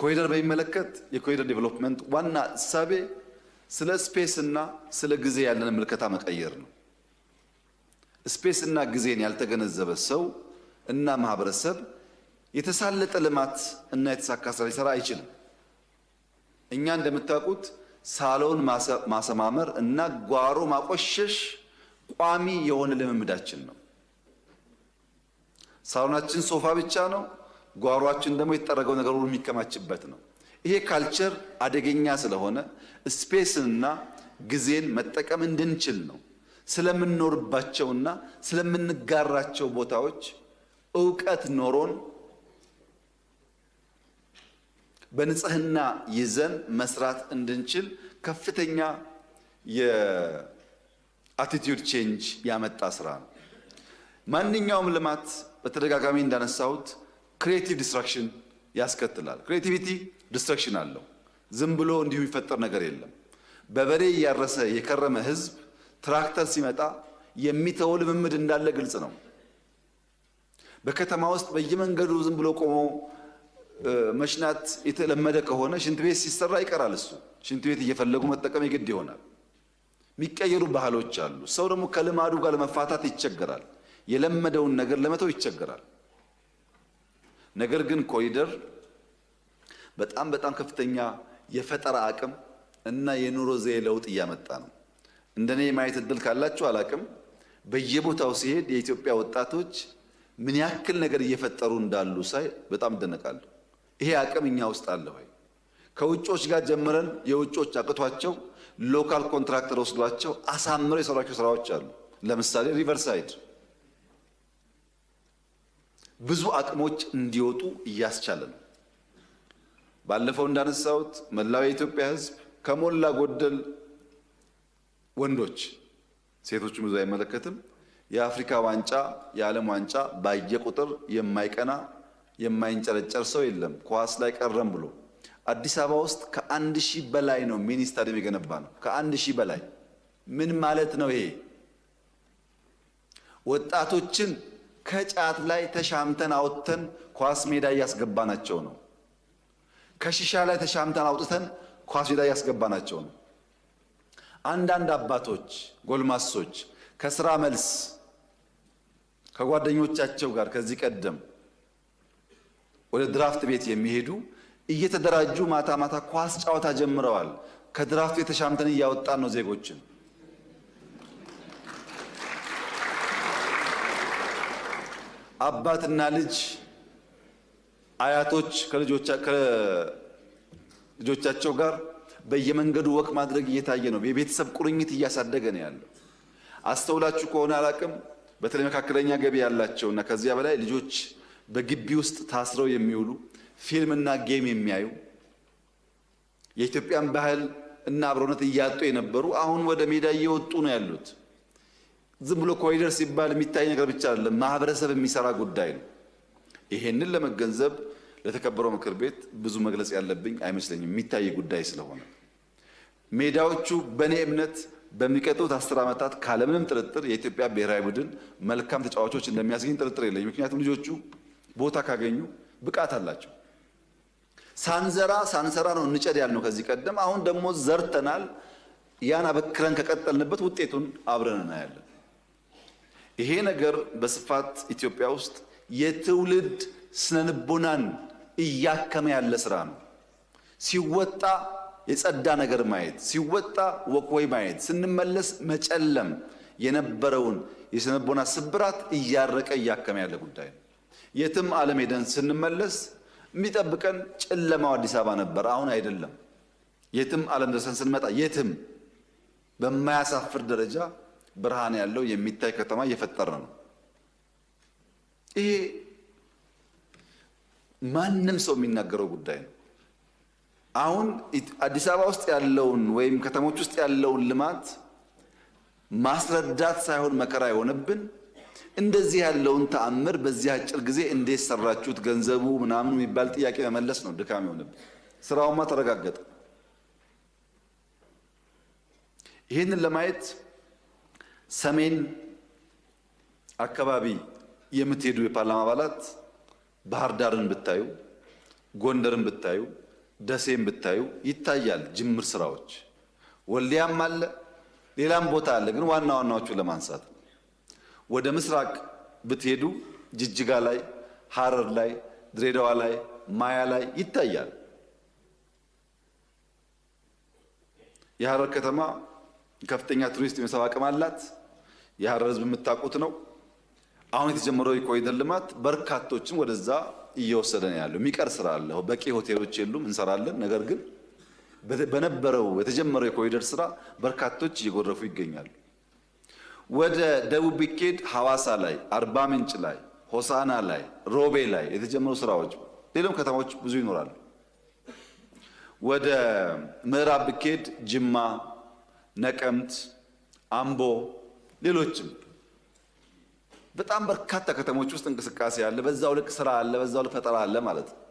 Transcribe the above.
ኮሪደር በሚመለከት የኮሪደር ዴቨሎፕመንት ዋና እሳቤ ስለ ስፔስ እና ስለ ጊዜ ያለን ምልከታ መቀየር ነው። ስፔስ እና ጊዜን ያልተገነዘበ ሰው እና ማህበረሰብ የተሳለጠ ልማት እና የተሳካ ስራ ሊሰራ አይችልም። እኛ እንደምታውቁት ሳሎን ማሰማመር እና ጓሮ ማቆሸሽ ቋሚ የሆነ ልምምዳችን ነው። ሳሎናችን ሶፋ ብቻ ነው። ጓሯችን ደግሞ የተጠረገው ነገር ሁሉ የሚከማችበት ነው። ይሄ ካልቸር አደገኛ ስለሆነ ስፔስንና ጊዜን መጠቀም እንድንችል ነው። ስለምንኖርባቸውና ስለምንጋራቸው ቦታዎች እውቀት ኖሮን በንጽህና ይዘን መስራት እንድንችል ከፍተኛ የአቲቲዩድ ቼንጅ ያመጣ ስራ ነው። ማንኛውም ልማት በተደጋጋሚ እንዳነሳሁት ክሬቲቭ ዲስትራክሽን ያስከትላል። ክሬቲቪቲ ዲስትራክሽን አለው። ዝም ብሎ እንዲሁ የሚፈጠር ነገር የለም። በበሬ እያረሰ የከረመ ህዝብ ትራክተር ሲመጣ የሚተው ልምምድ እንዳለ ግልጽ ነው። በከተማ ውስጥ በየመንገዱ ዝም ብሎ ቆሞ መሽናት የተለመደ ከሆነ ሽንት ቤት ሲሰራ ይቀራል። እሱ ሽንት ቤት እየፈለጉ መጠቀም የግድ ይሆናል። የሚቀየሩ ባህሎች አሉ። ሰው ደግሞ ከልማዱ ጋር ለመፋታት ይቸገራል። የለመደውን ነገር ለመተው ይቸገራል። ነገር ግን ኮሪደር በጣም በጣም ከፍተኛ የፈጠራ አቅም እና የኑሮ ዘዬ ለውጥ እያመጣ ነው። እንደኔ የማየት እድል ካላችሁ አላቅም። በየቦታው ሲሄድ የኢትዮጵያ ወጣቶች ምን ያክል ነገር እየፈጠሩ እንዳሉ ሳይ በጣም እደነቃለሁ። ይሄ አቅም እኛ ውስጥ አለ ወይ? ከውጮች ጋር ጀምረን የውጮች አቅቷቸው ሎካል ኮንትራክተር ወስዷቸው አሳምረው የሰሯቸው ስራዎች አሉ። ለምሳሌ ሪቨርሳይድ ብዙ አቅሞች እንዲወጡ እያስቻለ ነው። ባለፈው እንዳነሳሁት መላው የኢትዮጵያ ሕዝብ ከሞላ ጎደል ወንዶች፣ ሴቶችን ብዙ አይመለከትም። የአፍሪካ ዋንጫ የዓለም ዋንጫ ባየ ቁጥር የማይቀና የማይንጨረጨር ሰው የለም። ኳስ ላይ ቀረም ብሎ አዲስ አበባ ውስጥ ከአንድ ሺህ በላይ ነው ሚኒ ስታዲየም የገነባ ነው። ከአንድ ሺህ በላይ ምን ማለት ነው? ይሄ ወጣቶችን ከጫት ላይ ተሻምተን አውጥተን ኳስ ሜዳ እያስገባናቸው ነው። ከሽሻ ላይ ተሻምተን አውጥተን ኳስ ሜዳ እያስገባናቸው ነው። አንዳንድ አባቶች፣ ጎልማሶች ከስራ መልስ ከጓደኞቻቸው ጋር ከዚህ ቀደም ወደ ድራፍት ቤት የሚሄዱ እየተደራጁ ማታ ማታ ኳስ ጨዋታ ጀምረዋል። ከድራፍት ቤት ተሻምተን እያወጣን ነው ዜጎችን። አባትና ልጅ አያቶች ከልጆቻቸው ጋር በየመንገዱ ወቅ ማድረግ እየታየ ነው። የቤተሰብ ቁርኝት እያሳደገ ነው ያለው። አስተውላችሁ ከሆነ አላቅም፣ በተለይ መካከለኛ ገቢ ያላቸው እና ከዚያ በላይ ልጆች በግቢ ውስጥ ታስረው የሚውሉ ፊልምና ጌም የሚያዩ የኢትዮጵያን ባህል እና አብሮነት እያጡ የነበሩ አሁን ወደ ሜዳ እየወጡ ነው ያሉት። ዝም ብሎ ኮሪደር ሲባል የሚታይ ነገር ብቻ አይደለም፣ ማህበረሰብ የሚሰራ ጉዳይ ነው። ይሄንን ለመገንዘብ ለተከበረው ምክር ቤት ብዙ መግለጽ ያለብኝ አይመስለኝም፣ የሚታይ ጉዳይ ስለሆነ ሜዳዎቹ በእኔ እምነት በሚቀጥሉት አስር ዓመታት ካለምንም ጥርጥር የኢትዮጵያ ብሔራዊ ቡድን መልካም ተጫዋቾች እንደሚያስገኝ ጥርጥር የለኝ። ምክንያቱም ልጆቹ ቦታ ካገኙ ብቃት አላቸው። ሳንዘራ ሳንሰራ ነው እንጨድ ያልነው ከዚህ ቀደም። አሁን ደግሞ ዘርተናል። ያን አበክረን ከቀጠልንበት ውጤቱን አብረን እናያለን። ይሄ ነገር በስፋት ኢትዮጵያ ውስጥ የትውልድ ስነልቦናን እያከመ ያለ ስራ ነው። ሲወጣ የጸዳ ነገር ማየት፣ ሲወጣ ወክወይ ማየት፣ ስንመለስ መጨለም የነበረውን የስነልቦና ስብራት እያረቀ እያከመ ያለ ጉዳይ ነው። የትም ዓለም ሄደን ስንመለስ የሚጠብቀን ጨለማው አዲስ አበባ ነበር፣ አሁን አይደለም። የትም ዓለም ደርሰን ስንመጣ የትም በማያሳፍር ደረጃ ብርሃን ያለው የሚታይ ከተማ እየፈጠረ ነው። ይሄ ማንም ሰው የሚናገረው ጉዳይ ነው። አሁን አዲስ አበባ ውስጥ ያለውን ወይም ከተሞች ውስጥ ያለውን ልማት ማስረዳት ሳይሆን መከራ የሆነብን እንደዚህ ያለውን ተአምር በዚህ አጭር ጊዜ እንዴት ሰራችሁት ገንዘቡ ምናምኑ የሚባል ጥያቄ መመለስ ነው ድካም የሆነብን። ስራውማ ተረጋገጠ። ይህንን ለማየት ሰሜን አካባቢ የምትሄዱ የፓርላማ አባላት ባህር ዳርን ብታዩ፣ ጎንደርን ብታዩ፣ ደሴን ብታዩ ይታያል። ጅምር ስራዎች ወልዲያም አለ፣ ሌላም ቦታ አለ። ግን ዋና ዋናዎቹን ለማንሳት ወደ ምስራቅ ብትሄዱ ጅጅጋ ላይ፣ ሀረር ላይ፣ ድሬዳዋ ላይ፣ ማያ ላይ ይታያል። የሀረር ከተማ ከፍተኛ ቱሪስት የመሳብ አቅም አላት። የሀረር ህዝብ የምታውቁት ነው። አሁን የተጀመረው የኮሪደር ልማት በርካቶችን ወደዛ እየወሰደ ነው ያለው። የሚቀር ስራ አለ። በቂ ሆቴሎች የሉም፣ እንሰራለን። ነገር ግን በነበረው የተጀመረው የኮሪደር ስራ በርካቶች እየጎረፉ ይገኛሉ። ወደ ደቡብ ቢኬድ ሐዋሳ ላይ፣ አርባ ምንጭ ላይ፣ ሆሳና ላይ፣ ሮቤ ላይ የተጀመሩ ስራዎች፣ ሌሎም ከተማዎች ብዙ ይኖራሉ። ወደ ምዕራብ ብኬድ ጅማ፣ ነቀምት፣ አምቦ ሌሎችም በጣም በርካታ ከተሞች ውስጥ እንቅስቃሴ አለ። በዛው ልክ ስራ አለ፣ በዛው ልክ ፈጠራ አለ ማለት ነው።